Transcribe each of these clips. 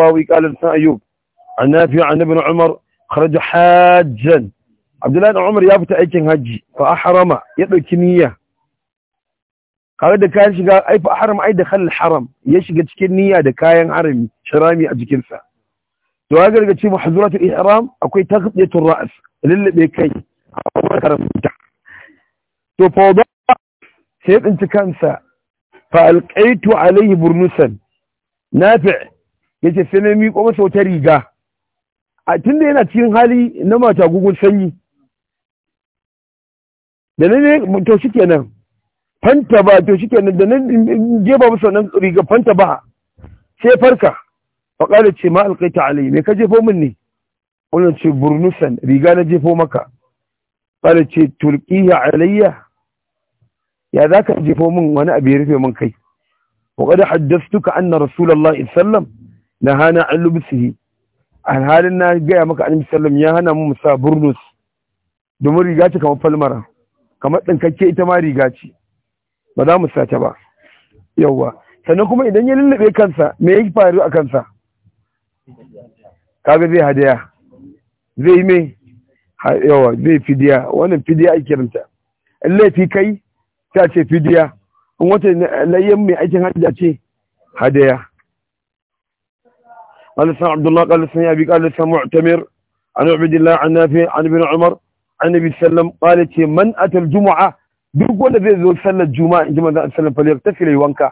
الصفاوي قال ابن أيوب عن نافع عن ابن عمر خرج حاجا عبد الله بن عمر يا fita aikin haji fa ahrama ya dauki niyya kaga da kayan shiga ai fa ahrama ai dakhal haram ya shiga cikin niyya da kayan harami shirami a jikin sa to kaga daga cikin mahzuratul ihram akwai taghdiyatul ra's lillabe kai akwai karanta to sai tsinci kansa fa alqaitu alayhi burnusan nafi' ya ce sai na miƙo masa wata riga a tun da yana cikin hali na mata gugun sanyi da na ne to shi kenan fanta ba to shi kenan da na jefa masa wannan riga fanta ba sai farka faƙalar ce ma alƙaita alai me ka jefo min ne wannan ce burnusan riga na jefo maka ƙalar ce turkiya alayya ya za ka jefo min wani abu ya rufe min kai وقد حدثتك haddastuka رسول الله صلى الله عليه na hana an lubsihi alhalin na gaya maka alim sallam ya hana mu sa burnus domin riga ce kamar falmara kamar ɗinkakke ita ma riga ce ba za mu sa ta ba yauwa sannan kuma idan ya lullube kansa me ya faru a kansa kaga zai hadaya zai yi mai yawa zai fidiya wannan fidiya ake kiranta in laifi kai ta ce fidiya in wata layyan mai aikin hajji ce hadaya قال لسان عبد الله قال لسان أبي قال لسان معتمر عن عبد الله عن نافع عن ابن عمر عن النبي صلى الله عليه وسلم قال من أتى الجمعة duk wanda zai zo sallar juma'a in ji manzon sallallahu alaihi wasallam fa wanka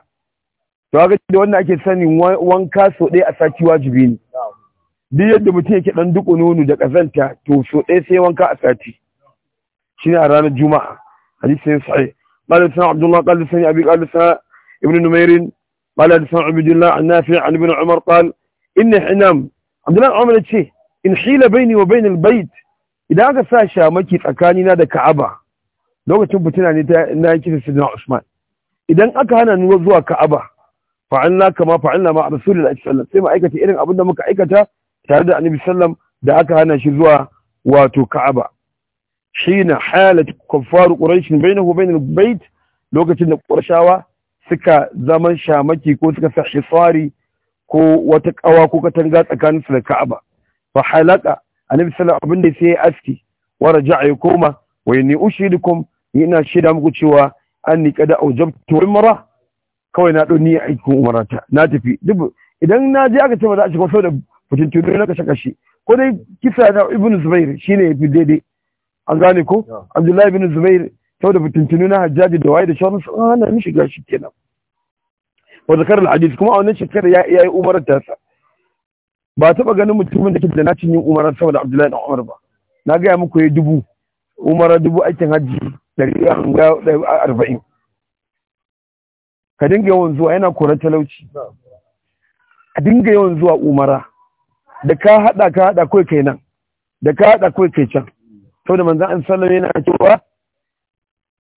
to haka da wannan ake sani wanka so ɗaya a sati wajibi ne duk yadda mutum yake dan duk nono da kazanta to so ɗaya sai wanka a sati shine a ranar juma'a hadisi ne sahih قال سنا عبد الله قال سنا ابي قال سنا ابن نمير قال سنا inna hinam abdullahi umar ce in hila ne wa bainal bait idan aka sa shamaki tsakanina da ka'aba lokacin fitina ne na sidina usman idan aka hana nuna zuwa ka'aba na kama fa'alna ma rasulullahi sallallahu alaihi sai mu aikata irin abin da muka aikata tare da annabi sallam da aka hana shi zuwa wato ka'aba shi halat kuffaru quraish bainahu bainal bait lokacin da qurashawa suka zaman shamaki ko suka sa hisari ko wata kawa ko katanga tsakanin su da Ka'aba fa halaka annabi sallallahu alaihi wasallam sai ya aski wa raja'a ya koma wa inni ushidukum ina shida muku cewa anni da aujabtu umra kawai na doni aikin umarata na tafi duk idan na je aka ce ba za a shiga saboda fitintunu na kashe kashe ko dai kisa na ibn zubair shine yafi daidai an gane ko abdullahi ibn zubair saboda fitintunu na hajjaji da wai da shauransu su hana mishi shiga shi kenan wa zakar al kuma a wannan shekarar ya yi umarar tasa ba taɓa ganin mutumin da ke da nacin yin umarar sama da abdullahi na umar ba na gaya muku ya dubu umarar dubu aikin hajji dari arba'in ka dinga yawan zuwa yana koran talauci ka dinga yawan zuwa umara da ka haɗa ka haɗa kai kai nan da ka haɗa kai kai can saboda manzon an sallama yana cewa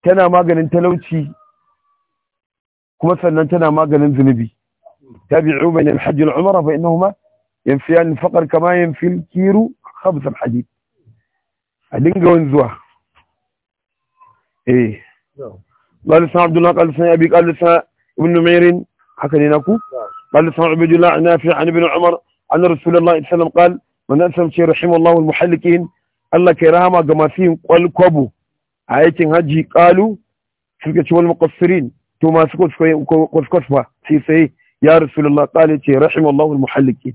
tana maganin talauci كما تنا ما قال انذنبي تابعوا بين الحج العمر فإنهما ينفيان الفقر كما ينفي الكيرو خبز الحديد أدنقى وانزوا إيه قال لسنا عبد الله قال لسنا أبي قال لسنا ابن نمير حكى لناكو قال لسنا عبد الله نافع عن ابن عمر عن رسول الله صلى الله عليه وسلم قال من أسلم شيء رحمه الله المحلكين الله كرامة قما فيهم قالوا كبو عايتين هجي قالوا شركة والمقصرين to masu kwaskwas fa sai sai ya rasulullah qala ce rahimallahu almuhalliki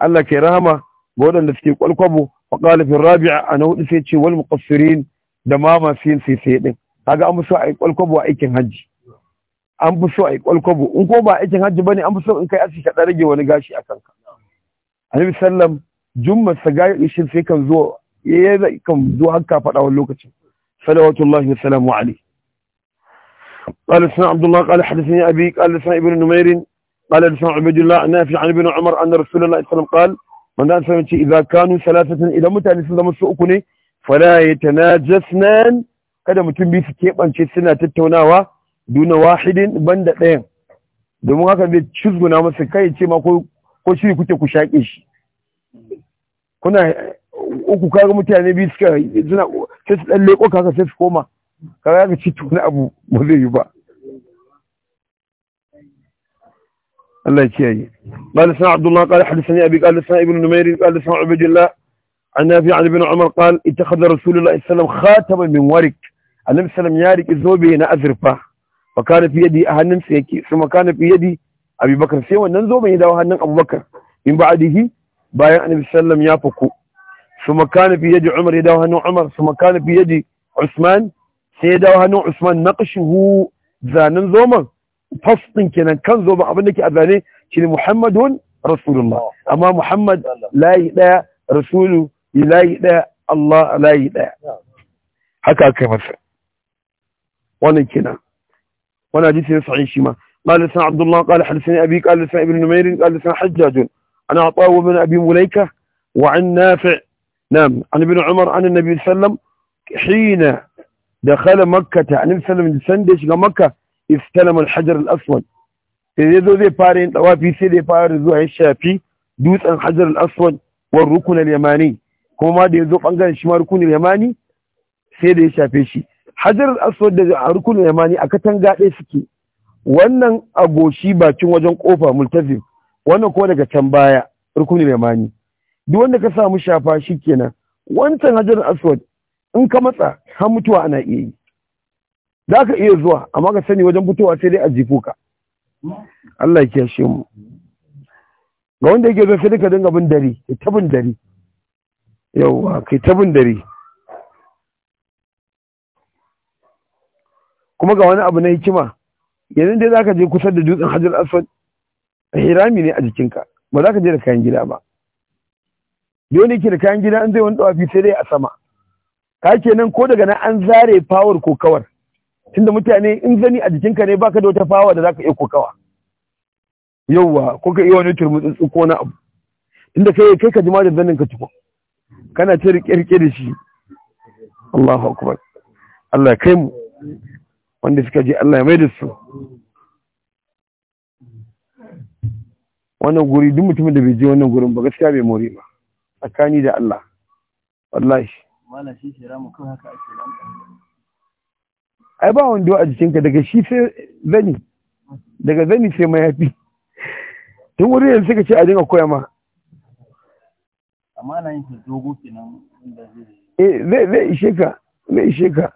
Allah ke rahama ga waɗanda suke kwalkwabo wa qala fi rabi'a ana hudu sai ce wal muqassirin da ma masu yin sai sai din kaga an fi so a yi kwalkwabo a aikin hajji an fi so a yi kwalkwabo in ko ba aikin hajji bane an fi in kai asiri ka rage wani gashi a kanka annabi sallam jummar sa gashi sai kan zo ya kan zo har ka faɗa wani lokacin salawatullahi wa salamu alaihi قال لسنا عبد الله قال حدثني أبي قال لسنا ابن نمير قال لسنا عبد الله نافع عن ابن عمر أن رسول الله صلى الله عليه وسلم قال من دان سلم إذا كانوا ثلاثة إذا متعني سلم السؤكني فلا يتناجسنان kada mutum biyu su keɓance suna tattaunawa duna wahidin banda ɗayan domin haka zai cizguna masa kai ce ma ko shiri kuke ku shaƙe shi kuna uku kaga mutane biyu suka suna sai su ɗan leƙo kaka sai su koma kaga ka ci tuna abu ba zai ba الله يكيه قال سنة عبد الله قال حدثني أبي قال سنة ابن نمير قال سنة عبد الله عن نافع عن ابن عمر قال اتخذ رسول الله صلى الله عليه وسلم خاتما من ورق النبي صلى الله عليه وسلم يارك هنا أزرفة وكان في يدي أهل سيكي ثم كان في يدي أبي بكر سيوى ننزوب يدا وهنم أبو بكر من بعده بايع النبي صلى الله عليه وسلم يافقه ثم كان في يدي عمر يدا وهنم عمر ثم كان في يدي عثمان sai ya dawo hannun Usman naqshuhu zanen zoman fastin kenan kan zoman abin da ke a zane shine Muhammadun Rasulullah amma Muhammad layi daya Rasulu layi daya Allah layi daya haka aka yi masa wannan kenan wannan hadisi ne sahih shi ma قال لسان عبد الله قال حدثني أبي قال لسان ابن نمير قال لسان حجاج عن عطاء وابن أبي مليكة وعن نافع نعم عن ابن عمر عن النبي صلى الله عليه وسلم حين da kala makka ta annabi sallallahu da shiga makka istalama al-hajar aswad sai zai zo zai fara yin tawafi sai da ya fara zuwa ya shafi dutsen hajar al wa rukun al-yamani kuma ma da ya zo bangaren shi ma rukun yamani sai da ya shafe shi hajar al-aswad da rukun al-yamani a katanga ɗaya suke wannan agoshi bakin wajen kofa multazim wannan kuma daga can baya rukun yamani duk wanda ka samu shafa shi kenan wancan hajar aswad in ka matsa har mutuwa ana iya yi za ka iya zuwa amma ka sani wajen fitowa sai dai a jifo ka Allah ya kiyashe mu ga wanda yake zai sai ka dinga bin dare ka ta bin dare yawwa kai ta bin dare kuma ga wani abu na hikima yanzu dai za ka je kusa da dutsen hajjar aswad hirami ne a jikinka ba za ka je da kayan gida ba da wani yake da kayan gida an zai wani dawafi sai dai a sama ka nan ko daga nan an zare fawar ko kawar tunda mutane in zani a jikinka ne baka da wata fawa da zaka iya kokawa yauwa ko ka iya wani turmutsu ko na abu tunda kai kai ka jima da zanin ka tuko kana ta rike da shi Allahu akbar Allah ya kai mu wanda suka je Allah ya mai da su wannan guri duk mutumin da bai je wannan gurin ba gaskiya bai more ba tsakani da Allah wallahi mala ai ba wanda du'a a jikinka daga shi sai zani daga zani sai ma ya fi, tun wurin yanzu suka ce a dinga koya ma amma eh, zai ishe ka zai ishe ka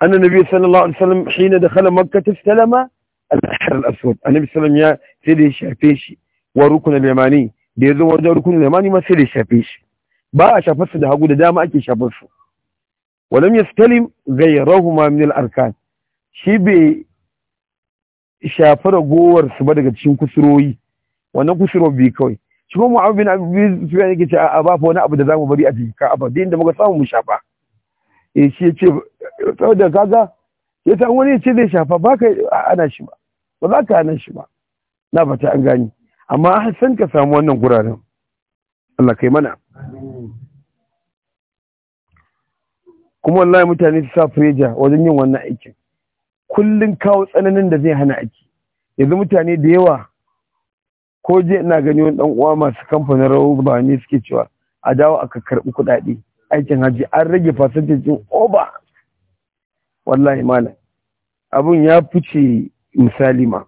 annan nabi sallallahu alaihi wasallam shi dakhala da tastalama al-ahr al-aswad annabi sallallahu alaihi wasallam ya sai da ya shafe shi wa rukun al-yamani da ya zo wajen rukun al-yamani ma sai da ya shafe shi ba a shafar su da hagu da dama ake shafar su walam yastalim ghayrahuma min al-arkan shi bai shafar gowar su ba daga cikin kusuroyi wannan kusuro bi kawai shi kuma Mu'awiyah bin Abi ya yake ce a ba fa wani abu da zamu bari a cikin abu din da muka samu mu shafa eh shi yace saboda kaga ya san wani ce zai shafa ba kai ana shi ba ba za ka ana shi ba na fata an gani amma san ka samu wannan guraren Allah kai mana kuma wallahi mutane su sa fureja wajen yin wannan aikin Kullum kawo tsananin da zai hana aiki yanzu mutane da yawa ko je ina gani wani dan uwa masu kamfanin rawa ne suke cewa a dawo aka karɓi kuɗaɗe aikin haji an rage fasantin oba wallahi malam abun ya fice misali ma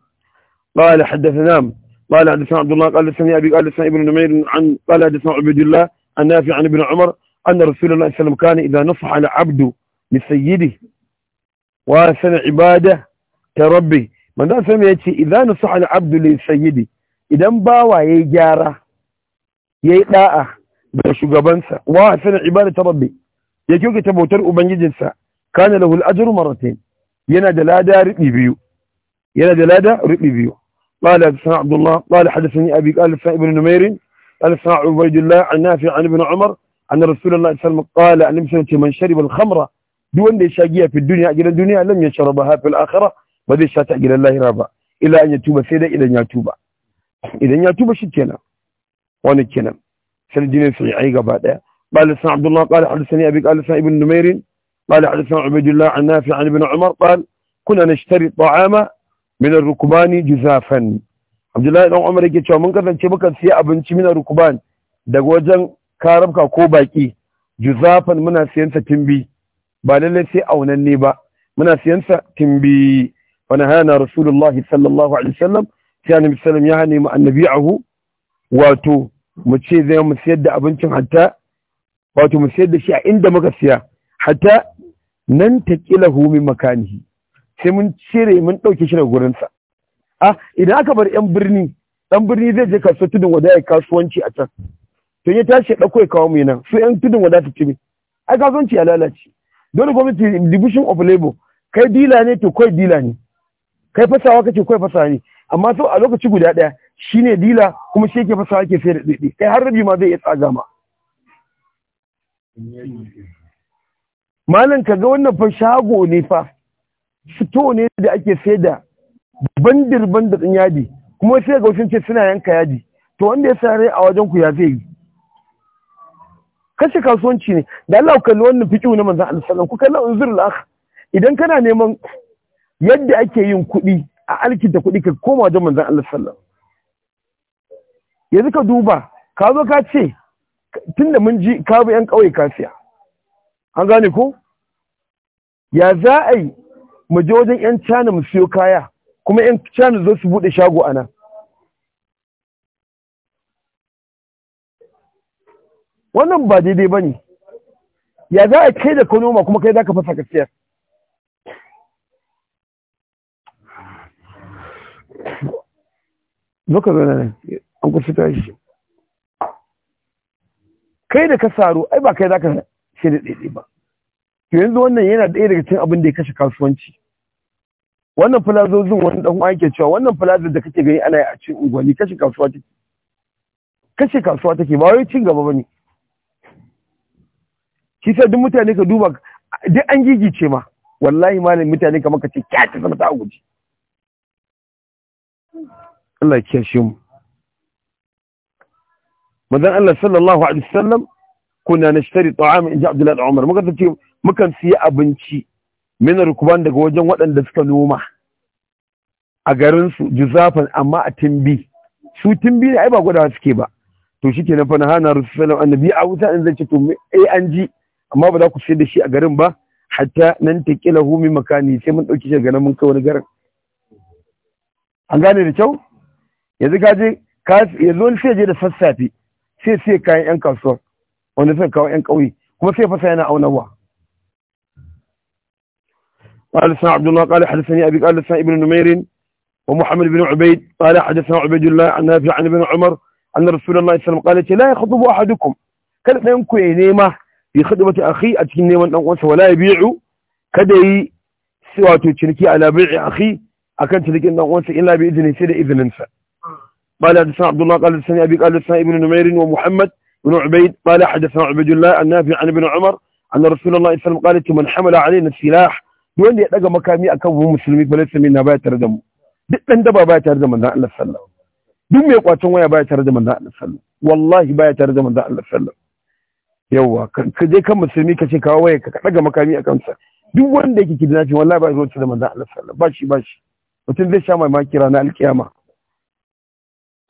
قال حدثنا قال حدثنا عبد الله قال حدثني أبي قال حدثنا ابن نمير عن قال حدثنا عبيد الله النافع عن ابن عمر أن رسول الله صلى الله عليه وسلم كان إذا نصح العبد لسيده وسمع عباده كربه من ذا سمع يتي إذا نصح العبد لسيده إذا باوى يجاره داء بشغبانسا وسمع عباده يجي يجوك تبوتر أبنجدنسا كان له الأجر مرتين ينادى لا دار ربي بيو ينادى لا دار ربي بيو قال حدثنا عبد الله قال حدثني أبي قال حدثنا ابن نمير قال حدثنا عبيد الله عن نافع عن ابن عمر أن رسول الله صلى الله عليه وسلم قال أن من شرب الخمر دون شاقية في الدنيا أجل الدنيا لم يشربها في الآخرة بذي شاتع إلى الله رابع إلى أن يتوب سيدا إلى أن يتوب إلى أن يتوب شكنا ونكنا سندين صحيحي قبادة قال حدثنا عبد الله قال حدثني أبي قال حدثنا ابن نمير قال حدثنا عبيد الله عن نافع عن ابن عمر قال كنا نشتري الطعام min rukubani juzafan abdullahi dan umar yake cewa mun kasance muka siya abinci min rukuban daga wajen karabka ko baki juzafan muna siyan sa timbi ba lalle sai aunanne ba muna siyan sa timbi wa nahana rasulullahi sallallahu alaihi wasallam sai annabi sallam ya hane mu annabi'ahu wato mu ce zai mu siyar da abincin hatta wato mu siyar da shi a inda muka siya hatta nan ta min makanihi sai mun cire mun ɗauke shi daga gurinsa a ah, idan aka bar yan birni dan birni zai je kasuwar tudun wada ya kasuwanci a can to ya tashi ya ɗauko ya kawo mu nan su yan tudun wada ta ci ai kasuwanci ya lalace dole gwamnati division of labor kai dila ne to kai dila ne kai fasawa kace kai fasawa ne amma so a lokaci guda ɗaya shine dila kuma shi yake fasawa yake sayar da ɗaiɗai kai har rabi ma zai iya tsaga ma malam ka ga wannan fa shago ne fa sito ne da ake sai da bandir bandir ɗin yadi kuma sai ga ce suna yanka yadi to wanda ya sare a wajen ku ya zai yi kashe kasuwanci ne da Allah ku kalli wannan fiqhu na manzon Allah sallallahu ku kalli unzur idan kana neman yadda ake yin kuɗi a alkinta kuɗi ka koma wajen manzon Allah sallallahu yanzu ka duba ka zo ka ce tunda mun ji ka bi yan ƙauye kasiya an gane ko ya za a yi mu je wajen 'yan cana mu siyo kaya kuma 'yan cana zo su bude shago a nan wannan ba daidai ba ne ya za a kai da kanoma kuma kai za ka fasa ka siyar Zoka zana nan, an kusa shi. Kai da ka saro, ai ba kai za ka shi da ɗaiɗai ba. to yanzu wannan yana ɗaya daga cikin abin da ya kashe kasuwanci wannan zin wani dan uwa yake cewa wannan filazar da kake gani ana yi a cikin unguwanni kashe kasuwa take kashe kasuwa take ba wai cin gaba bane shi sai duk mutane ka duba duk an gigice ma wallahi malam mutane kamar ka ce kyata sama ta guji Allah ya kiyashe mu manzon Allah sallallahu alaihi wasallam kuna nashtari ta'am in ji Abdullahi Umar muka ce mukan siya abinci mina rukuban daga wajen waɗanda suka noma a garinsu juzafan amma a timbi su timbi ne ai ba gwada suke ba to shi ke nafa na hana rusulallah annabi a wuta in zai ce to ai eh, an ji amma ba za ku sayar da shi a garin ba hatta nan ta kila humi makani sai mun ɗauki shi ganin mun kai wani garin an gane da kyau yanzu ka je yanzu wani sai je da sassafe sai sai kayan yan kasuwa wanda suka kawo yan ƙauye kuma sai fasa yana aunawa قال حدثنا عبد الله قال حدثني أبي قال حدثنا ابن نمير ومحمد بن عبيد قال حدثنا عبيد الله عن نافع عن ابن عمر أن رسول الله صلى الله عليه وسلم قال لا يخطب أحدكم كان ينكو نيمة في خطبة أخي أتكن نيمة ولا يبيع كدي سوى تشركي على بيع أخي أكن تلك أنه إلا بإذن سيد إذن انسى قال حدثنا عبد الله قال حدثني أبي قال حدثنا ابن نمير ومحمد بن عبيد قال حدثنا عبيد الله نافع عن ابن عمر أن رسول الله صلى الله عليه وسلم قال من حمل علينا السلاح duk wanda ya daga makami akan mu musulmi na baya tare da mu duk dan daba baya tare da manzon Allah sallallahu duk mai kwacin waya baya tare da manzon Allah sallallahu wallahi baya tare da manzon Allah sallallahu yawa ka je kan musulmi ka ce kawo waya ka daga makami akan sa duk wanda yake wallahi ba da manzon Allah sallallahu shi ba shi mutum zai sha mamaki ranar alkiyama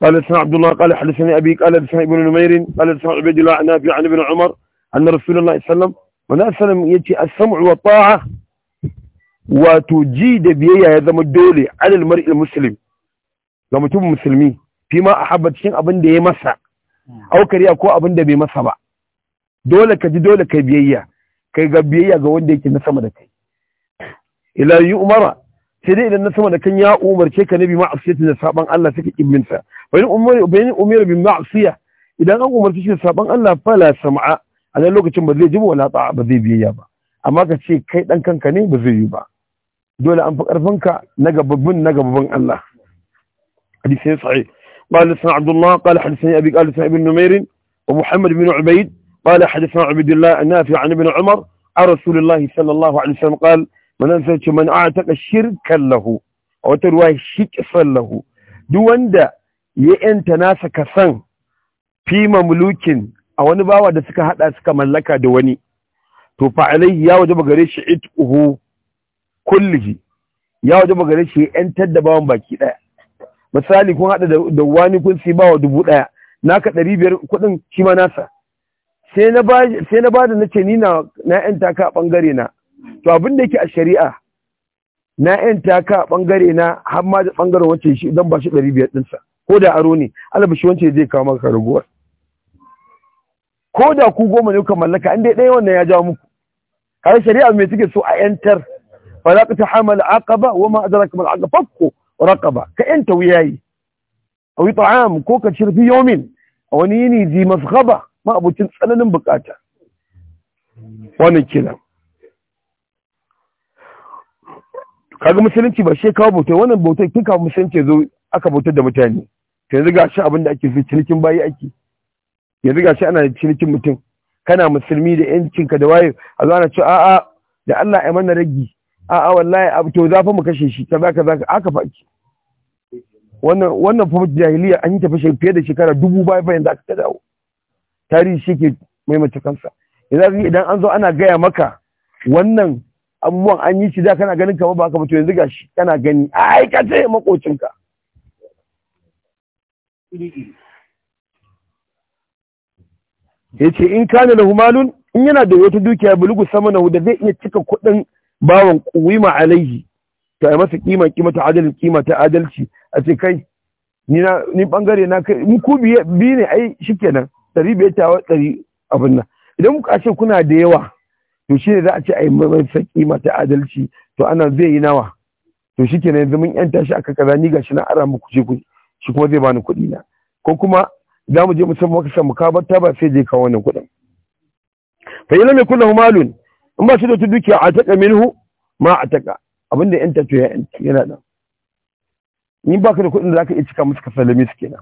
قال سمع عبد الله قال حدثني ابي قال سمع ابن نمير قال سمع عبد الله عن ابن عمر ان رسول الله صلى الله عليه وسلم من اسلم يجي السمع والطاعه wato ji da biyayya ya zama dole alal mar'il muslim ga mutum musulmi fi ma ahabba cikin abin da ya masa aukariya ko abin da bai masa ba dole ka ji dole kai biyayya kai ga biyayya ga wanda yake na sama da kai ila yi umara sai dai idan na sama da kan ya umarce ka nabi ma'asiyati da saban Allah saka ibninsa bayan umar bayan umar bin ma'asiya idan an umarce shi da saban Allah fala sam'a a lokacin ba zai ji wala ta'a ba zai biyayya ba amma ka ce kai dan kanka ne ba zai yi ba dole an fi ƙarfinka na gababbin na Allah. Hadisai sa’i, ƙwale sun Abdullah, ƙwale hadisai abi ƙwale sun abin numerin, wa Muhammad bin Ubaid, ƙwale hadisai Abidullah, an nafi a nabin Umar, a Rasulullah, sallallahu alaihi sallam, ƙwal, manan sai man shirkan lahu, lahu. Duk wanda ya ‘yanta nasa kasan fi mamlukin a wani bawa da suka haɗa suka mallaka da wani, to fa’alai ya wajaba gare shi it'uhu kullihi ya waje magare shi yantar da bawan baki ɗaya. misali kun haɗa da wani kun sai bawa dubu ɗaya naka ɗari biyar kuɗin shi ma nasa sai na bada na ce ni na yanta ka a ɓangare na to abin da yake a shari'a na yanta ka ɓangare na har ma da ɓangaren wacce shi don ba shi ɗari biyar ɗinsa ko da aro ne shi wance zai kawo maka raguwar ko da ku goma ne kuka mallaka an dai ɗaya wannan ya jawo muku har shari'a mai suke so a yantar fa za ka ta hamala aqaba wa ma adraka mal aqaba fakku raqaba ka yanta wuyayi aw ta'am ko ka shirfi yawmin a wani yini ji masghaba ma abucin tsananin bukata wannan kenan kaga musulunci ba shi kawo bautai wannan bautai tun kafin musulunci zo aka bautar da mutane to yanzu gashi abin da ake so cinikin bayi ake yanzu gashi ana cinikin mutum kana musulmi da yancin da waye a zo ana ce a'a da Allah ya mana ragi a'a wallahi abu to za fa mu kashe shi zaka zaka aka faɗi wannan wannan fa jahiliya an yi tafi fiye da shekara dubu baya bayan da aka dawo tarihi shi ke maimaita kansa yanzu idan an zo ana gaya maka wannan abubuwan an yi shi da kana ganin kamar ba ka ba to yanzu gashi kana gani ka ce makocinka ya Yace in kana da humalun in yana da wata dukiya bulugu sama na da zai iya cika kuɗin bawan kuwima alaihi to yi masa kima kima ta adalin kima ta adalci a ce kai ni bangare na kai mu ku biye bi ne ai shikenan dari biye tawa dari abin nan idan muka ce kuna da yawa to shine za a ce ai masa kima ta adalci to ana zai yi nawa to shikenan yanzu mun yan tashi aka kaza ni gashi na ara muku shi shi kuma zai bani kuɗi na ko kuma za mu je mu san maka san mukabar ta ba sai je kawo wannan kuɗin fa yana mai kullum malun in ba shi da wata dukiya a taƙa minhu ma a taƙa abinda yan to ya yana da. in ba ka da kuɗin da za ka iya cika musu ka salami su kenan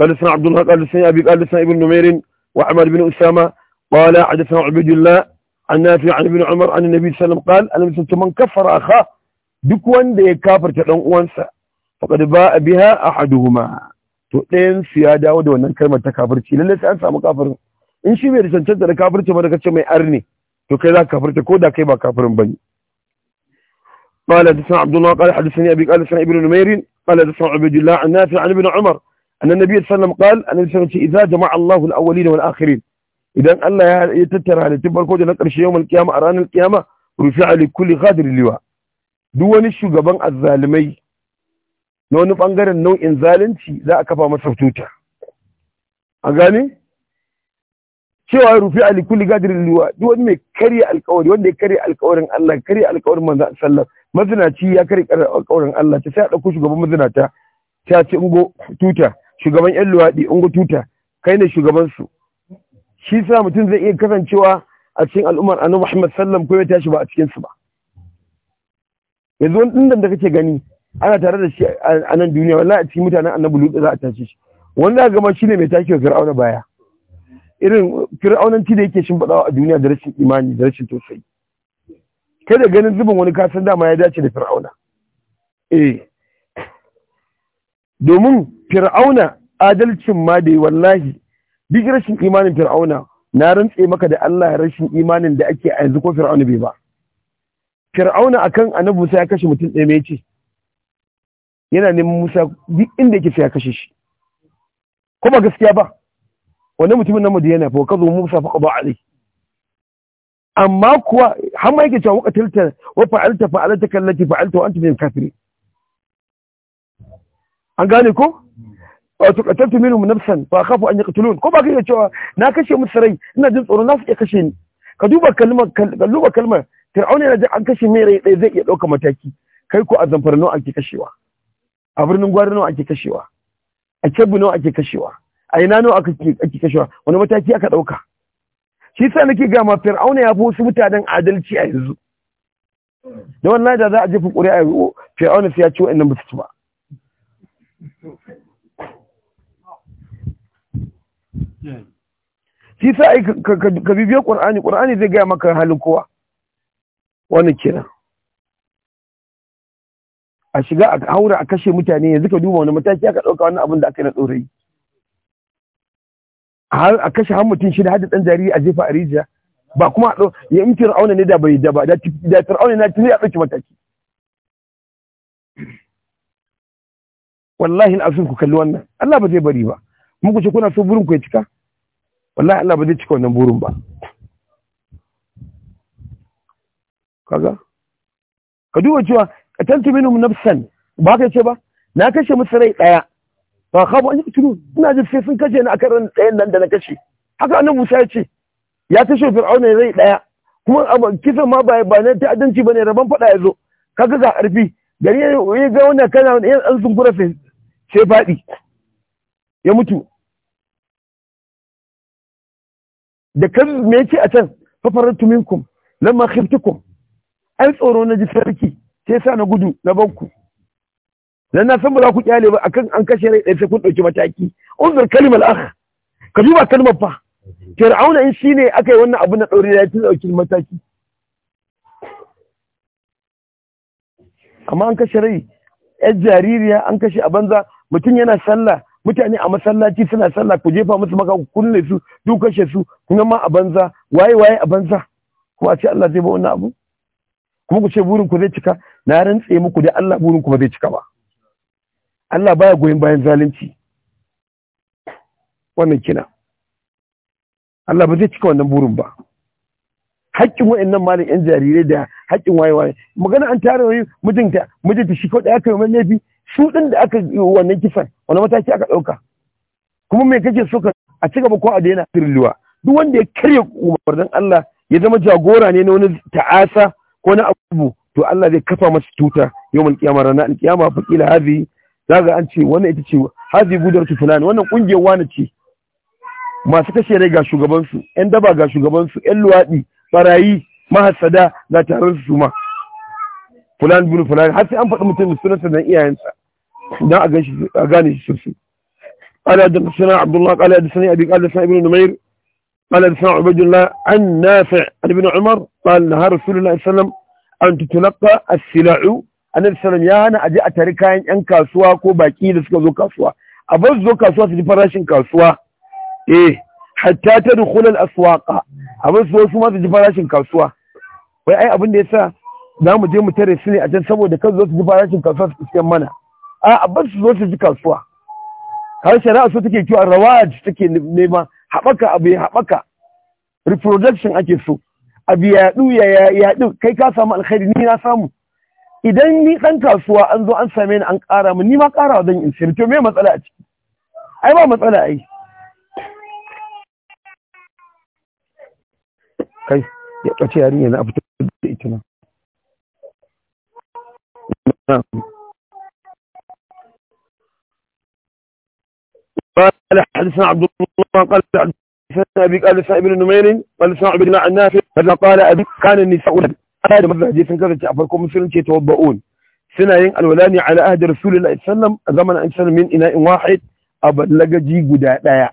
قال سنا عبد الله قال سنا أبي قال سنا ابن نمير وعمر بن أسامة قال حدثنا عبد الله عن نافع عن ابن عمر عن النبي صلى الله عليه وسلم قال أنا مثلت من كفر أخاه duk wanda ya kafarta dan uwansa faƙad ba a biya a haduhuma to ɗayan su ya dawo da wannan kalmar ta kafirci lallai sai an samu kafirin in shi bai da cancanta da kafirci ba da kace mai arne to kai za ka kafirta ko da kai ba kafirin bane قال حدثنا عبد الله قال حدثني ابي قال حدثنا ابن نمير قال حدثنا عبد الله عن نافع عن ابن عمر ان النبي صلى الله عليه وسلم قال ان اذا جمع الله الاولين والاخرين اذا الله يتترى لتبركو ده نقرش يوم القيامه اران القيامه rufi'a li kulli ghadir liwa duk wani shugaban azzalimai na wani bangaren nau'in zalunci za a kafa masa tuta a gane cewa rufi ali kulli gadirin liwa duk wani mai karya alkawari wanda ya karya alkawarin Allah karya alkawarin manzo sallallahu mazinaci ya karya alkawarin Allah ta sai a dauko shugaban mazinata ta ce ungo tuta shugaban yan luwadi ungo tuta kai ne shugaban su shi sa mutum zai iya kasancewa a cikin al'ummar annabi Muhammad sallallahu ko ya tashi ba a cikin su ba yanzu wani dindan da kake gani ana tare da shi a nan duniya wallahi a cikin mutanen annabi Lut za a tashi shi wanda ga ma shine mai tashi ga Fir'auna baya irin fir'aunanci da yake shimfiɗawa a duniya da rashin imani da rashin tausayi kada ganin zubin wani kasan dama ya dace da fir'auna eh domin fir'auna adalcin ma da wallahi duk rashin imanin fir'auna na rantse maka da Allah rashin imanin da ake a yanzu ko fir'auna bai ba fir'auna akan annabi Musa ya kashe mutum ɗaya mai ce yana neman Musa duk inda yake sai ya kashe shi kuma gaskiya ba wannan mutumin na madina fa kazo musa fa qada alai amma kuwa Hama ma yake cewa waqatilta wa fa'alta fa'alta kallati fa'alta wa anta kafiri an gane ko wato qataltu minhum nafsan fa akhafu an yi yaqtulun ko ba ka kai cewa na kashe musu rai ina jin tsoron za su iya kashe ni ka duba kalmar ka duba kalmar fir'auna yana jin an kashe mai rai dai zai iya ɗauka mataki kai ko a zamfara nawa ake kashewa a birnin gwari nawa ake kashewa a kebbi nawa ake kashewa a ina nawa aka ake kashewa wani mataki aka ɗauka shi sa nake ga ma fir'auna ya fi wasu mutanen adalci a yanzu da wannan da za a jefa ƙuri'a ya ruwo fir'auna sai ya ci wa'annan ba su ci ba shi sa ai ka bibiyo ƙur'ani ƙur'ani zai gaya maka halin kowa wannan kenan a shiga a haura a kashe mutane yanzu ka duba wani mataki aka ɗauka wannan abin da aka yi na tsorai a kashe har mutum shida hada dan jariri a jefa a rijiya ba kuma a ya mutum auna ne da bai da ba da fir'auna na tuni a ɗauki mataki wallahi na ku kalli wannan Allah ba zai bari ba muku ce kuna so burin ku ya cika wallahi Allah ba zai cika wannan burin ba kaga ka duba cewa tantu minu nafsan ba ka ce ba na kashe musu rai ɗaya. ba ba yi tunu, ina jin sai sun kashe ni a ran tsayen nan da na kashe haka annabi Musa ya ce ya kashe Fir'auna rai daya kuma kisan ma ba ba ne ta'addanci bane rabon fada yazo kaga ga karfi gari ya ga wannan kana yan an sun kura sai sai fadi ya mutu da kan me yake a can fa faratu minkum lamma khiftukum an tsoro na ji sarki sai sa na gudu na banku dan na san ba za ku kyale ba akan an kashe rai ɗaya sai kun ɗauki mataki unzur kalimar akh ka duba kalmar fa fir'auna in shine aka wannan abu na da ya ci ɗauki mataki amma an kashe rai yar jaririya an kashe a banza mutum yana sallah mutane a masallaci suna sallah ku jefa musu maka ku kunne su duk kashe su kun ma a banza waye waye a banza kuma a ce Allah zai ba wannan abu kuma ku ce burin ku zai cika na rantse muku da Allah burin ku ba zai cika ba Allah baya goyon bayan zalunci wannan kina Allah ba zai cika wannan burin ba haƙƙin wa'annan malin yan jarirai da haƙƙin waye waye magana an tare wani mijinta mijinta shi kawai aka yi wani laifi su ɗin da aka yi wannan kisan wani mataki aka ɗauka kuma me kake so ka a ci gaba ko a daina tirliwa duk wanda ya karya umarnin Allah ya zama jagora ne na wani ta'asa ko na abu to Allah zai kafa masa tuta yawmal qiyamah ranar alqiyama fa qila hadhihi za an ce wannan ita ce hazi gudar tu fulani wannan kungiyar wani ce masu kashe rai ga shugabansu yan daba ga shugabansu yan luwaɗi barayi mahasada ga taron su ma fulani bin fulani har sai an faɗi mutum sunansa da iyayensa Idan a gane a gane shi sosai قال حدثنا عبد الله قال حدثنا ابي قال حدثنا ابن نمير قال حدثنا عبيد الله عن نافع عن ابن عمر قال نهى رسول الله صلى الله عليه وسلم ان تتلقى السلع annabi sallam ya hana aje a tari kayan yan kasuwa ko baki da suka zo kasuwa a bar zo kasuwa su ji farashin kasuwa eh hatta ta dukhul al aswaqa a bar su su ma su ji farashin kasuwa wai ai abin da yasa za mu je mu tare su ne a can saboda kan zo su ji farashin kasuwa su cikin mana a a bar su zo su ji kasuwa har shari'a su take kiwa rawaj take nema haɓaka abu ya haɓaka reproduction ake so abu ya yaɗu ya yaɗu kai ka samu alkhairi ni na samu idan ni dan kasuwa an zo an same ni an kara min ni ma kara zan in sayar to me matsala a ciki ai ba matsala ai kai ya ɓace yarinya na fito da ita na قال حدثنا عبد الله قال حدثنا ابي قال سعيد بن نمير قال سعيد بن عن نافع قال ابي كان النساء da mazaje sun kasance a farkon musulunci ta wabba'un suna yin alwala ne ala ahdi rasulullahi sallam a zaman an sallam min ina in wahid a ballagaji guda daya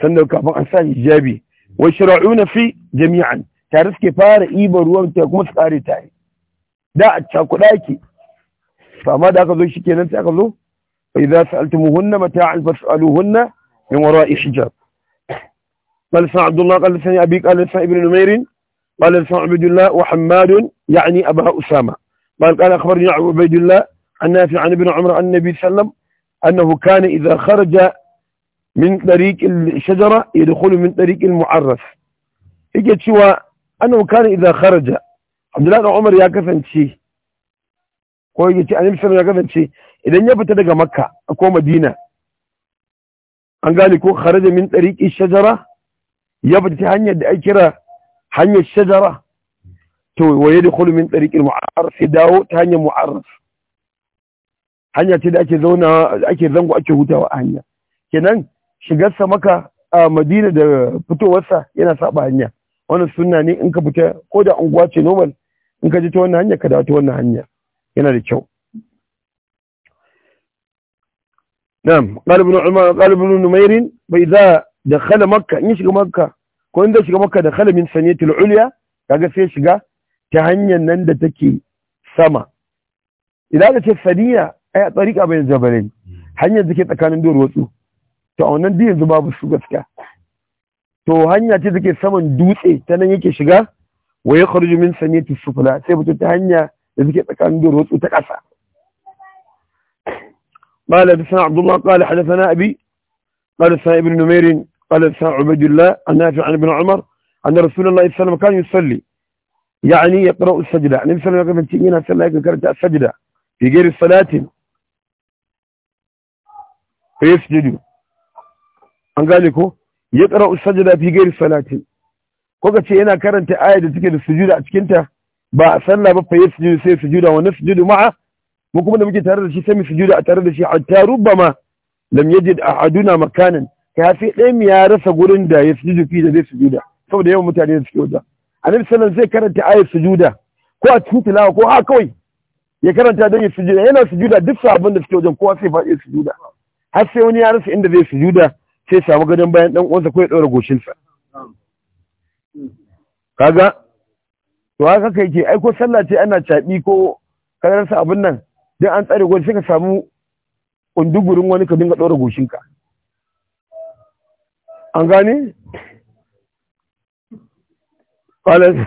sannan kafin an sa hijabi wa shara'una fi jami'an tare suke fara ibar ruwan ta kuma su kare tare da a cakuɗa yake to amma da aka zo shi kenan sai aka zo fa idza sa'altumuhunna mata'an fas'aluhunna min wara'i hijab قال سعد الله قال سني أبي قال سني ابن قال لسان عبيد الله وحماد يعني أبا أسامة قال قال أخبرني عبيد الله عن نافع عن ابن عمر عن النبي صلى الله عليه وسلم أنه كان إذا خرج من طريق الشجرة يدخل من طريق المعرف إجت شوى أنه كان إذا خرج عبد الله عمر يا كفن شي ko yake أنا annabi يا كفن kasance إذا ya fita مكة makka مدينة أن قال يكون خرج من طريق الشجرة يبدأ ya fita هني الشجرة تو ويدخل من طريق المعرف داوت هني معرف هني تدا كذونا أكذن وأكهوتا وهني كنن شجرة سمكة آه، مدينة بتو وسا ينصب هني وأنا سنة هني إنك بتو كودا أنقاش نوبل إنك جتوان هني كذا جتوان هني هنا ليشوا نعم قال ابن عمر قال ابن نمير فإذا دخل مكة نشج مكة ko in shiga maka da khalamin saniyatul ulya kaga sai shiga ta hanyar nan da take sama idan ka ce saniya ai a tsarika bayan jabalai hanyar da ke tsakanin duwatsu to a wannan duk yanzu babu su gaskiya to hanya ce take saman dutse ta nan yake shiga wa ya kharju min saniyati sufla sai fito ta hanya da take tsakanin duwatsu ta ƙasa قال حدثنا عبد الله قال حدثنا ابي قال حدثنا ابن نمير قال سيدنا عبيد الله النافع عن ابن عمر أن رسول الله صلى الله عليه وسلم كان يصلي يعني يقرأ السجدة النبي صلى الله عليه وسلم يقرأ, السجدة في غير الصلاة فيسجد أن قال لكم يقرأ السجدة في غير الصلاة وقال لنا كانت آية تكيد السجودة أتكنت بأسلا بفا يسجد سجودة ونسجد معه وكما نبجي تردد شيء سمي سجودة تردد شيء حتى ربما لم يجد أحدنا مكانا kafi ɗan ya rasa gurin da ya sujudu fi da zai sujuda saboda yawan mutane da suke wajen annabi sallallahu zai karanta ayat sujuda ko a cikin tilawa ko a kawai ya karanta don ya sujuda yana sujuda duk sabon da suke wajen kowa sai faɗi sujuda har sai wani ya rasa inda zai sujuda sai samu gadon bayan ɗan uwansa ko ya ɗaura goshinsa kaga to haka kai ke aiko sallah ce ana caɓi ko rasa abin nan don an tsare gwani sai ka samu ƙundugurin wani ka dinga ɗora goshinka an قال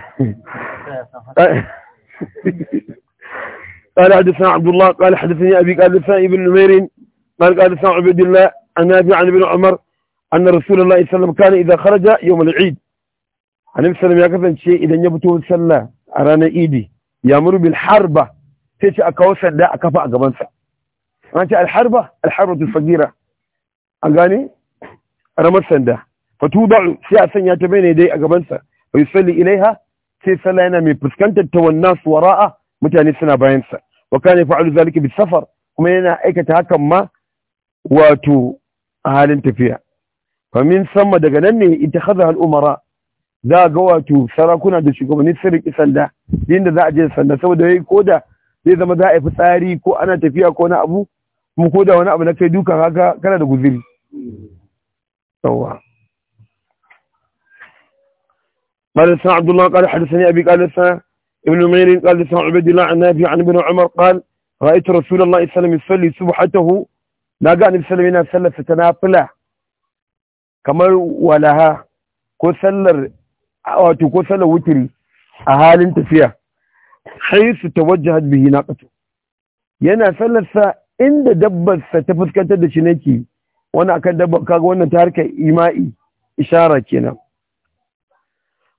قال حدثنا عبد الله قال حدثني أبي قال حدثنا ابن نمير قال قال حدثنا عبد الله أنا أبي عن ابن عمر أن رسول الله صلى الله عليه وسلم كان إذا خرج يوم العيد عن ابن سلم عليه أن شيء إذا يبتو صلى أرانا إيدي يأمر بالحربة تيجي أكوسا لا أكفى قبنسا أنت الحربة الحربة الفقيرة أغاني karamar sanda fatuba'u sai a sanya ta bai dai a gabansa bai salli ilaiha sai sallah yana mai fuskantar ta wannan wara'a mutane suna bayansa wa kana fa'alu zalika bi safar kuma yana aikata hakan ma wato a halin tafiya fa min samma daga nan ne ita ittakhadha al umara za ga wato sarakuna da shugabannin sirri sanda inda za a je sanda saboda yayi koda zai zama za a yi fitsari ko ana tafiya ko na abu kuma koda wani abu na kai duka haka kana da guziri Tawwa. Mali san Abdullah ƙari hadisa ne abi Ibn Umar ƙari san Ubaidu la'an na fi an bina Umar ƙan ra'ayi da Allah isa lami na ga anibisa lami na salla fita na fila kamar walaha ko sallar wato ko sallar wuturi a halin tafiya. Hayi su ta wajen hajji biyu na ƙasa yana sallarsa inda dabbarsa ta fuskantar da shi na ke wani akan dabba kaga wannan ta harkar ima'i ishara kenan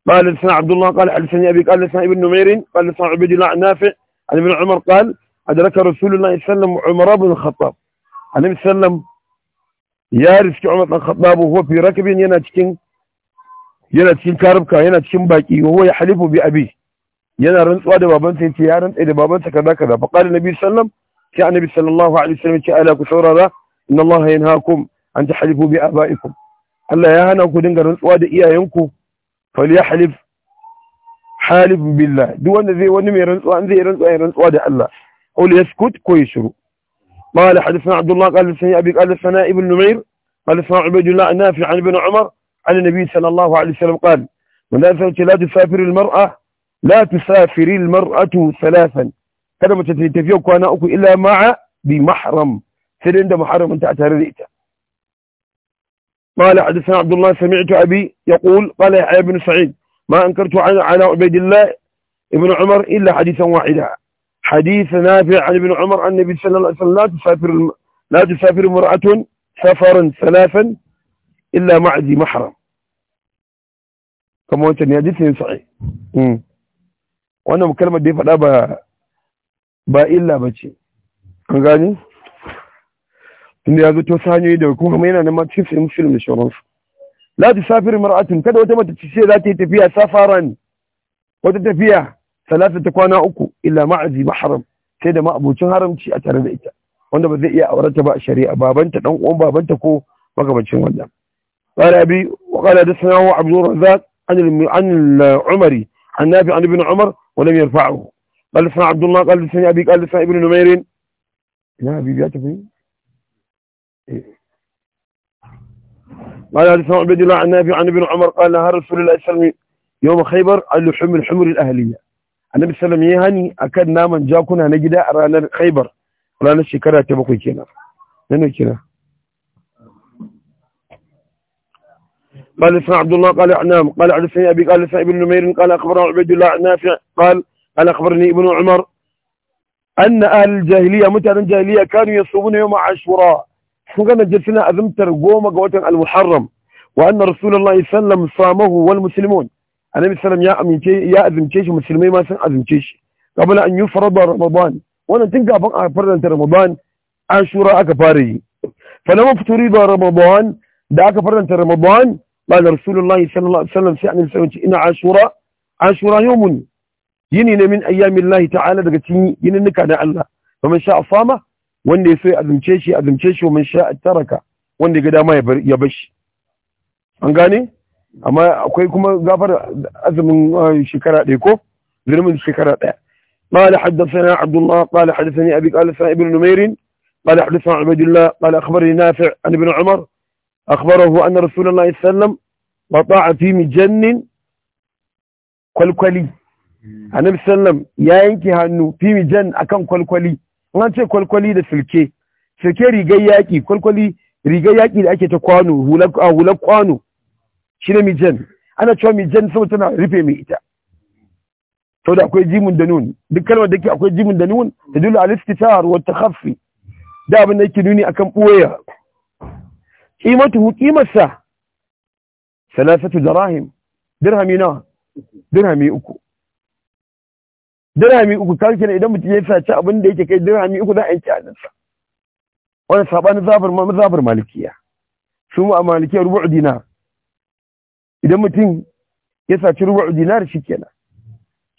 قال لسنا عبد الله قال لسنا أبي قال لسنا ابن نمير قال لسنا عبد الله نافع عن ابن عمر قال أدرك رسول الله صلى الله عليه وسلم عمر بن الخطاب النبي صلى الله عليه وسلم يا رزق عمر بن الخطاب وهو في ركب ينا cikin yana cikin karubka yana cikin baki wa ya halifu bi abi yana rantsuwa da babansa yace ya rantsa da babansa kaza kaza fa qala nabi sallam sai annabi sallallahu alaihi wasallam ce ala ku saurara إن الله ينهاكم أن تحلفوا بآبائكم الله يهانا وكدنغا رنسوا دئيا ينكو فليحلف حالف بالله دوان ذي ونم يرنسوا عن ذي رنسوا يرنسوا دئ الله أو ليسكت كويشرو قال حدثنا عبد الله قال لسنا أبي قال لسنا ابن نمير قال لسنا عبد الله نافع عن ابن عمر عن النبي صلى الله عليه وسلم قال من أثرت لا تسافر المرأة لا تسافر المرأة ثلاثا كلمة تتفيق انا أكو إلا مع بمحرم سرين ده محرم انت اعترضيته قال حدثنا عبد الله سمعت أبي يقول قال يحيى بن سعيد ما أنكرت على عبيد الله ابن عمر إلا حديثا واحدا حديث نافع عن ابن عمر عن النبي صلى الله عليه وسلم لا تسافر لا تسافر امرأة سفرا ثلاثا إلا مع ذي محرم كما قلت حديث صحيح وانا مكلمة دي فدا با با إلا بشي an gani tunda yazo zo ta wasu hanyoyi da kuma yana nan ma cikin sayin film da shauransu la ta safir mar'atun kada wata mace ce za ta yi tafiya safaran wata tafiya salasa ta kwana uku illa ma'azi mahram sai da ma'abucin haramci a tare da ita wanda ba zai iya aurata ba a shari'a babanta dan uwan babanta ko magabacin wannan قال أبي وقال حدثنا هو عبد الرزاق عن عن العمري عن نافع عن ابن عمر ولم يرفعه قال حدثنا عبد الله قال حدثني أبي قال حدثنا ابن نمير لا أبي بيعتبني إيه. قال حدثنا عبد الله عن نافع عن ابن عمر قال نهار رسول الله صلى الله عليه وسلم يوم خيبر قال له حمر حمر الاهليه النبي صلى الله عليه وسلم ya hani akan naman jakuna na خيبر a ranar Khaibar ranar shekara ta قال سمع عبد الله قال نعم قال حدثني ابي قال سمع ابن نمير قال اخبرنا عبيد الله عن نافع قال قال اخبرني ابن عمر ان اهل الجاهليه متى الجاهليه كانوا يصومون يوم عاشوراء sun ga Najjar suna azumtar goma ga watan al-Muharram wa anna Rasulullahi sallam samahu wal muslimun Annabi sallam ya amince ya azumce shi musulmai ma sun azumce shi qabla an yufrada Ramadan wannan tun gaban a faranta Ramadan Ashura aka fara yi fa lamma futuriba Ramadan da aka faranta Ramadan ba da Rasulullahi sallallahu alaihi wasallam sai Annabi sallam ina Ashura Ashura yawmun yini ne min ayyamillahi ta'ala daga cikin yininnika da Allah faman sha'a fama? wanda ya so ya azumce shi azumce shi mun sha taraka wanda ga dama ya bar shi an gane amma akwai kuma gafar azumin shekara ɗaya ko zirmin shekara ɗaya قال حدثنا عبد الله قال حدثني أبي قال حدثنا ابن نمير قال حدثنا عبد الله قال أخبرني نافع عن ابن عمر أخبره أن رسول الله صلى الله عليه وسلم وطاع في مجن kwalkwali annabi sallam ya yanke hannu fi mijan akan kwalkwali wani ce kwalkwali da silke silke rigar yaƙi kwalkwali rigar yaƙi da ake ta kwano hular kwano shi ne mijan ana cewa mijan sau tana rufe mai ita to da akwai jimin da nun duk kalmar da ke akwai jimin da nun da dole alistitar ta hafi da abin da yake nuni akan ɓoya ƙimatu ƙimarsa salasatu darahim dirhami nawa dirhami uku dirhami uku kawai kenan idan mutum ya saci abin da yake kai dirhami uku za a yanke hannunsa wani na zabar mazabar malikiya su mu a malikiyar rubu dinar idan mutum ya saci rubu da shi kenan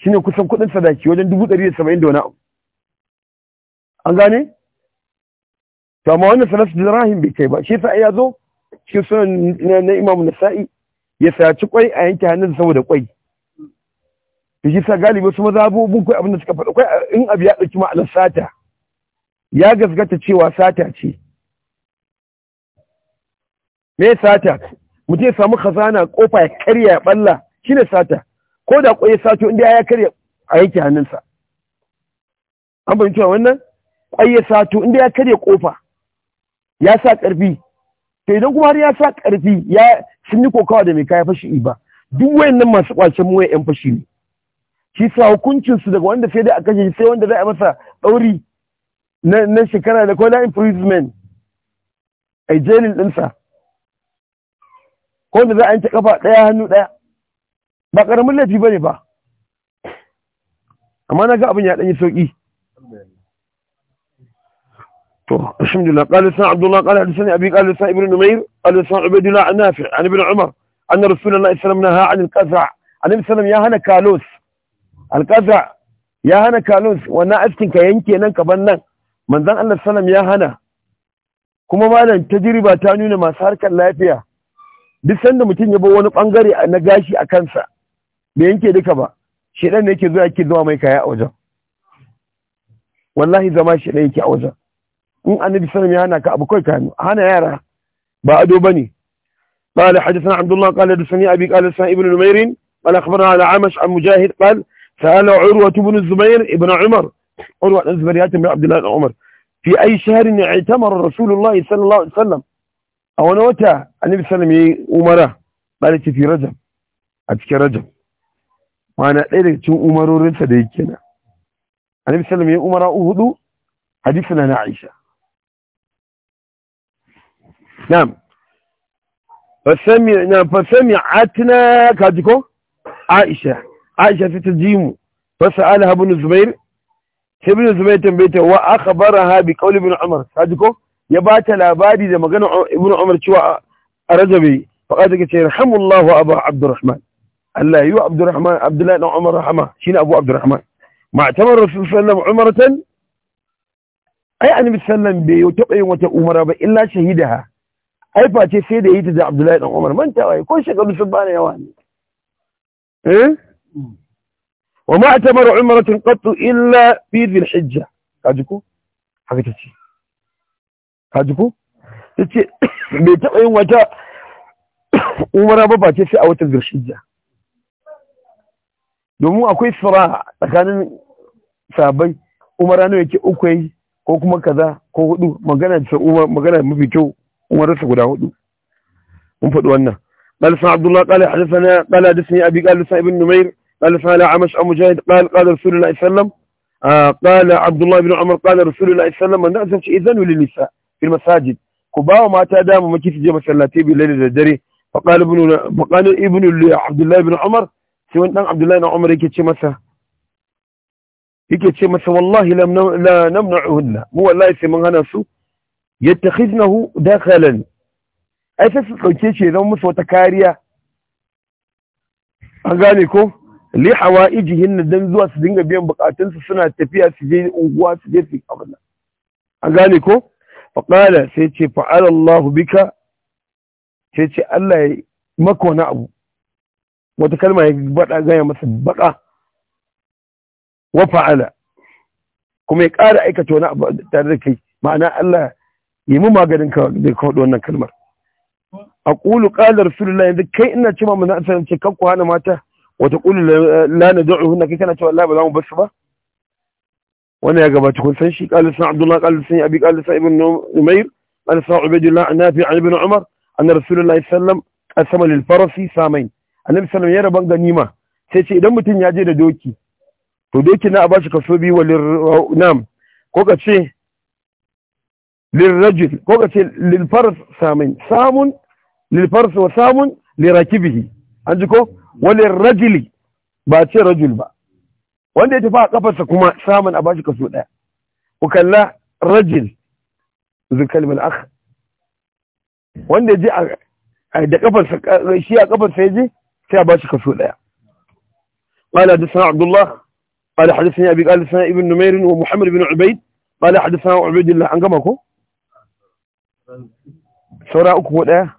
ne kusan kudin sadaki wajen dubu ɗari da saba'in da wani abu an gane to amma wannan salasu rahim bai kai ba shi yasa ya zo cikin sunan na na Sa'i ya saci kwai a yanke hannunsa saboda kwai da shi sa galibi su mazabubun kai abinda suka faɗa kai in abu ya ɗauki ma'anar sata ya gasgata cewa sata ce me sata mutum ya samu khazana kofa ya karya ya balla ne sata ko da ya sato inda ya karya a yanke hannunsa an bayyana cewa wannan Ƙwai ya sato inda ya karya kofa ya sa ƙarfi. to idan kuma har ya sa ƙarfi, ya sun yi kokawa da mai kaya fashi ba duk wayannan masu kwacen mu yan fashi ne shi sa su daga wanda sai dai a kashe sai wanda za a masa dauri na na shekara da kwana imprisonment a jailin ɗinsa ko da za a yanke kafa daya hannu daya ba karamin laifi bane ba amma na ga abin ya danyi sauƙi to alhamdulillah qala sa abdullah qala قال abi qala sa لسان numair qala sa لسان عبيد an عن umar anna rasulullah sallallahu alaihi wasallam naha an al عليه an نهى sallam ya عن ابن alƙaza ya hana kalun wannan askin ka yanke nan ka ban nan manzon Allah sallam ya hana kuma malam ta jiriba ta nuna masu harkar lafiya duk sanda mutum ya bar wani bangare na gashi a kansa bai yanke duka ba shedan ne yake zuwa yake zuwa mai kaya a wajen wallahi zama shedan yake a wajen in annabi sallam ya hana ka abu kai kanu hana yara ba ado bane قال حدثنا عبد الله قال حدثني ابي قال حدثنا ابن نمير قال اخبرنا على عمش عن مجاهد قال سأل عروة بن الزبير ابن عمر عروة بن الزبير ياتم عبد الله بن عمر في أي شهر اعتمر رسول الله صلى الله عليه وسلم أو نوتا النبي صلى الله عليه وسلم أمره قالت في رجب أتك رجب وانا قلت أمره رنسى ديكنا النبي صلى الله عليه وسلم أمره أهدو حديثنا نعيشة نعم فسمعنا نعم، فسمعتنا كاتكو عائشة aisha ta ta ji mu fasa alaha bin zubair sai bin zubair tambaye ta wa ha bi qawli ibn umar kaji ko ya ba ta labari da magana ibn umar cewa a rajabi faqad ce yarhamullahu abu abdurrahman Allah yi wa abdurrahman abdullahi dan umar rahama ne abu abdurrahman ma'tamar rasul sallallahu alaihi wasallam ai annabi sallan bai taɓa yin wata umara ba illa shahidaha ai face sai da yi ta da abdullahi dan umar mantawa ko shekaru sun bana yawa ne eh wa ma عمرة قط إلا illa ذي الحجة هاجكو هاجكو هاجكو haka tace kaji ko tace bai taba yin wata umara ba ba ce a watan dhil domin akwai sura tsakanin sabai yake ko kuma kaza ko hudu magana da umar magana mafi kyau umararsa guda hudu mun faɗi wannan قال حدثنا قال حدثني قال ابن قال فعل عمش أو مجاهد قال قال رسول الله صلى الله عليه وسلم آه قال عبد الله بن عمر قال رسول الله صلى الله عليه وسلم من أزمش إذن للنساء في المساجد كبا وما تدام وما كيف جمع سلاتي بالليل الدري فقال ابن فقال ابن عبد الله بن عمر سوى أن عبد الله بن عمر يكتش مسه yake ce والله wallahi lam la namna'uhunna mu wallahi يتخذنه mun أساس su yattakhidnahu dakhalan ai sai أغانيكم li hawaijihin dan zuwa su dinga biyan bukatunsu suna tafiya su je unguwa su je su abin an gane ko faƙala sai ce fa'ala Allah bika sai ce Allah ya maka wani abu wata kalma ya bada gaya masa baka wa fa'ala kuma ya ƙara aikata wani abu tare da kai ma'ana Allah yi mu maganin ka da ka faɗi wannan kalmar a ƙulu ƙalar rasulullah yanzu kai ina ce mu manzan asalan ce kan ku mata وتقول لا ندعو هنا كيف كانت لا بلا مبشرة وانا يا جماعة تقول فنشي قال لسنا عبد الله قال لسنا ابي قال لسنا ابن نمير قال لسنا عبيد الله نافع عن ابن عمر ان رسول الله صلى الله عليه وسلم اسمى للفرس سامين النبي صلى الله عليه وسلم يرى غنيمة سيتي دم تنيا جي دوكي تو دوكي نا اباش كسوبي ولر نعم كوكا تشي للرجل كوكا تشي للفرس سامين سامون للفرس وسامون لراكبه عندكم wani rajili ba ce rajul ba wanda ya tafi a kafarsa kuma samun a bashi kaso ɗaya ku kalla rajil zulkal min akh wanda je da kafarsa shi a kafarsa yaje sai a bashi kaso ɗaya قال حدثنا عبد الله قال حدثني ابي قال حدثنا ابن نمير ومحمد بن عبيد قال حدثنا عبيد الله عن كما سورة أكبر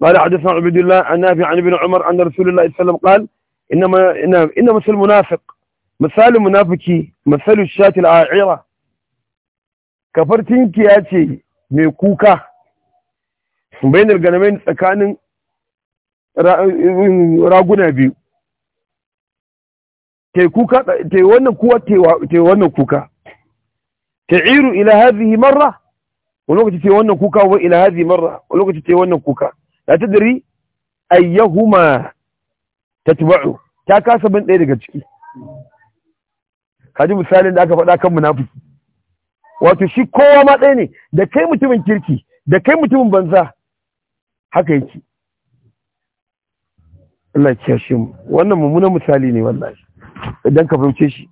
قال حدثنا عبد الله عن النافع عن ابن عمر عن رسول الله صلى الله عليه وسلم قال انما انما, إنما مثل المنافق مثال المنافق مثل الشاة العائرة كفرتين كياتي شي كوكا بين الغنمين تكانن راغونا بيو تي كوكا تي wannan كوكا tai wannan kuka ta'iru ila hadhihi marra wa lokaci tai wannan kuka wa ila hadhihi marra wa lokaci tai wannan la Ayahuma ayyuhuma tatba'u ta kasa bin ɗaya daga ciki kaji misalin da aka faɗa kan munafiki wato shi kowa ma ɗaya ne da kai mutumin kirki da kai mutumin banza haka yake Allah ya mu wannan mummunan misali ne wallahi idan ka fahimce shi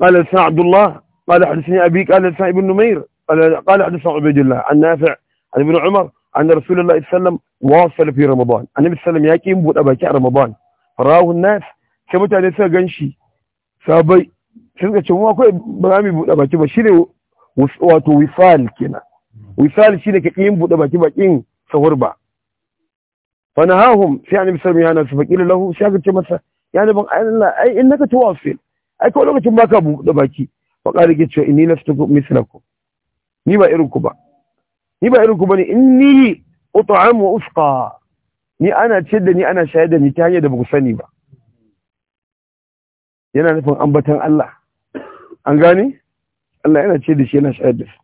قال عبد الله قال حدثني ابي قال ابن نمير قال قال حدثنا عبيد الله عن نافع عن ابن عمر an rasulullahi sallam wasal fi ramadan annabi sallam ya ki buɗe baki a ramadan rahu nas sai mutane suka ganshi sabai sun ga cewa akwai ba za buɗe baki ba shine wato wisal kenan wisal shine ka ki buɗe baki bakin sahur ba fa nahahum sai annabi sallam ya nasu faqila lahu sai ka ce masa ya ne ban Allah ai innaka tuwasil ai ko lokacin baka buɗe baki fa qala ke cewa inni lastu mislakum ni ba irin ku ba ni ba irin ku bane ni utu'am wa usqa ni ana ciyar da ni ana shayar da ni ta hanyar da ba ku sani ba yana nufin ambatan Allah an gane Allah yana ciyar da shi yana shayar da shi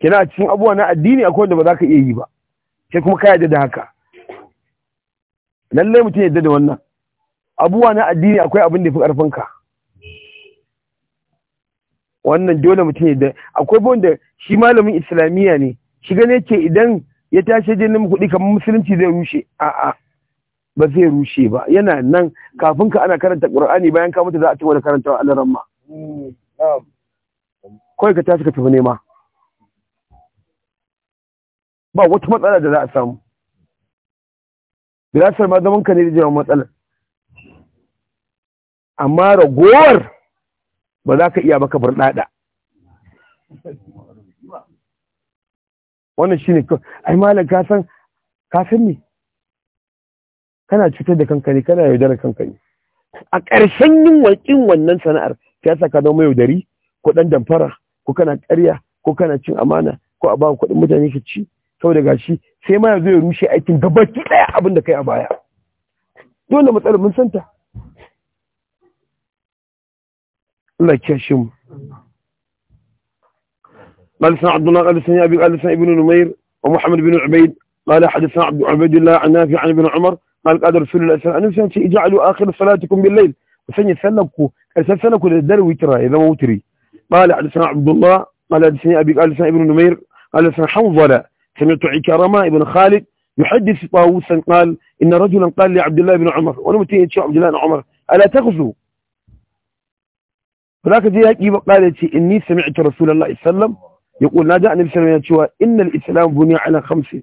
kina a cikin abuwa na addini akwai wanda ba za ka iya yi ba sai kuma ka yarda da haka lallai mutum yarda da wannan abuwa na addini akwai abin da fi karfin ka wannan dole mutum yarda akwai wanda shi malamin islamiyya ne shi gane ce idan ya tashi jinin kuɗi kamar musulunci zai rushe a'a ba zai rushe ba yana nan kafin ka ana karanta qur'ani bayan ka mutu za a ci wani karanta alaran ma mm, kawai ka tashi ka tafi nema ba wata matsala da za a samu Bilasar ma zaman ka ne da jiran matsala Amma ragowar ba za ka iya baka burɗaɗa. wannan shine ai malam ka san ka san ne kana cutar da kankani? kana yaudar kanka ne a ƙarshen yin wakin wannan sana'ar ta yasa ka zama yaudari ko ɗan damfara ko kana ƙarya ko kana cin amana ko a ba kuɗin mutane ka ci saboda gashi sai ma yanzu ya rushe aikin gabaki ɗaya abin da kai a baya dole matsalar mun santa Allah ya kiyashe mu قال سنا عبد الله قال سنا أبي قال سنا ابن نمير ومحمد بن عبيد قال سنا عبد عبيد الله عن نافع عن ابن عمر قال قال رسول الله صلى الله عليه وسلم اجعلوا آخر صلاتكم بالليل وسني سلكوا قال سلكوا للدر وترى إذا وتري قال حدثنا عبد الله قال سنا أبي قال سنا ابن نمير قال سنا حنظلة سمعت عكرمة ابن خالد يحدث طاووسا قال إن رجلا قال لعبد الله بن عمر وانا متين عبد الله بن عمر ألا تغزو فذاك زي هيك قال إني سمعت رسول الله صلى الله عليه وسلم يقول ناجع النبي صلى الله عليه وسلم إن الإسلام بني على خمسة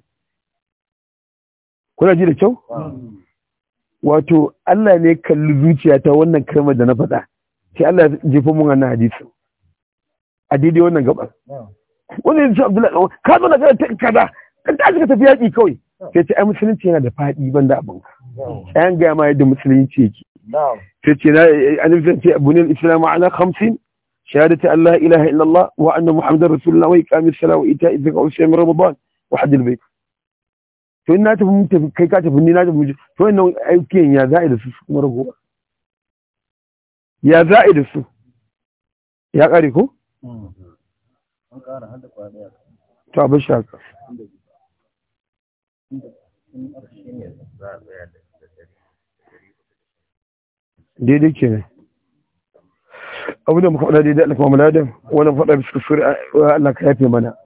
kuna ji da kyau wato Allah ne kalli zuciyata ta wannan kalmar da na faɗa sai Allah jefa mun wannan hadisi a daidai wannan gabar wanda ya ce Abdullahi ka zo na kana ta kaza kan ka tafi yaƙi kawai sai ce ai musulunci yana da faɗi ban da abin ayan ga ma yadda musulunci yake sai ce na annabi sai ce bunil islamu ala 50 شهادة أن لا إله إلا الله وأن محمد رسول الله وإقام الصلاة وإيتاء الزكاة وصيام رمضان وحج البيت to ina tafi mun tafi kai ka tafi ni na tafi miji to ina aikin ya za'i da su kuma ragowa ya za'i da su ya kare ko to abin shaka daidai kenan da muka faɗa daidai alfa maladan wannan faɗa a kusuri Allah ka yafe mana